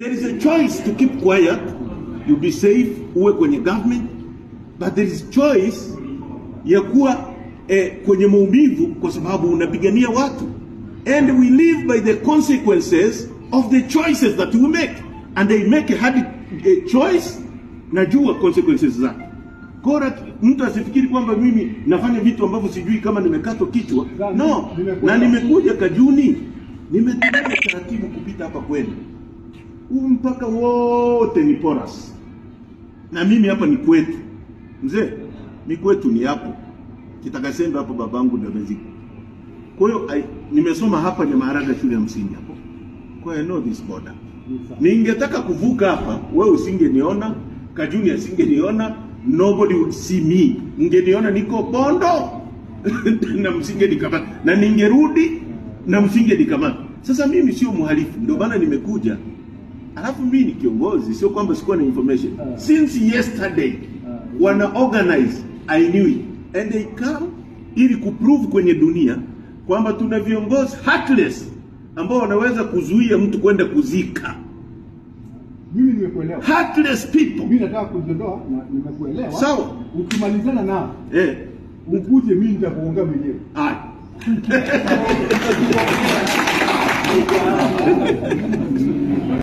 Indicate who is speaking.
Speaker 1: There is a choice to keep quiet, you be safe, uwe kwenye government, but there is choice ya kuwa eh, kwenye maumivu kwa sababu unapigania watu. And we live by the consequences of the choices that we make. And they make a hard a eh, choice, najua consequences zake. Kora mtu asifikiri kwamba mimi nafanya vitu ambavyo sijui kama nimekatwa kichwa. No, na nimekuja Kajuni, nimetumia taratibu kupita hapa kwenu huu mpaka wote ni poras, na mimi hapa ni kwetu mzee, ni kwetu, ni hapo Kitakasembe hapo, babangu ndio amezikwa. Kwa hiyo nimesoma hapa Maharaga shule ya msingi hapo, kwa I know this border. Ningetaka kuvuka hapa, wewe usingeniona, Kajuni asingeniona, nobody would see me. Ningeniona niko Bondo na msinge nikamata, na ningerudi na msinge nikamata. Sasa mimi sio muhalifu, ndio maana nimekuja Alafu mimi ni kiongozi, sio kwamba sikuwa na information uh, since yesterday uh, wana organize I knew it and they come ili kuprove kwenye dunia kwamba tuna viongozi heartless ambao wanaweza kuzuia mtu kwenda kuzika.
Speaker 2: Mimi nimekuelewa.
Speaker 1: Heartless people.
Speaker 2: Mimi nataka kujiondoa na nimekuelewa. Sawa. So, ukimalizana na eh, yeah. ukuje mimi nitakuongea mwenyewe.
Speaker 1: Ah.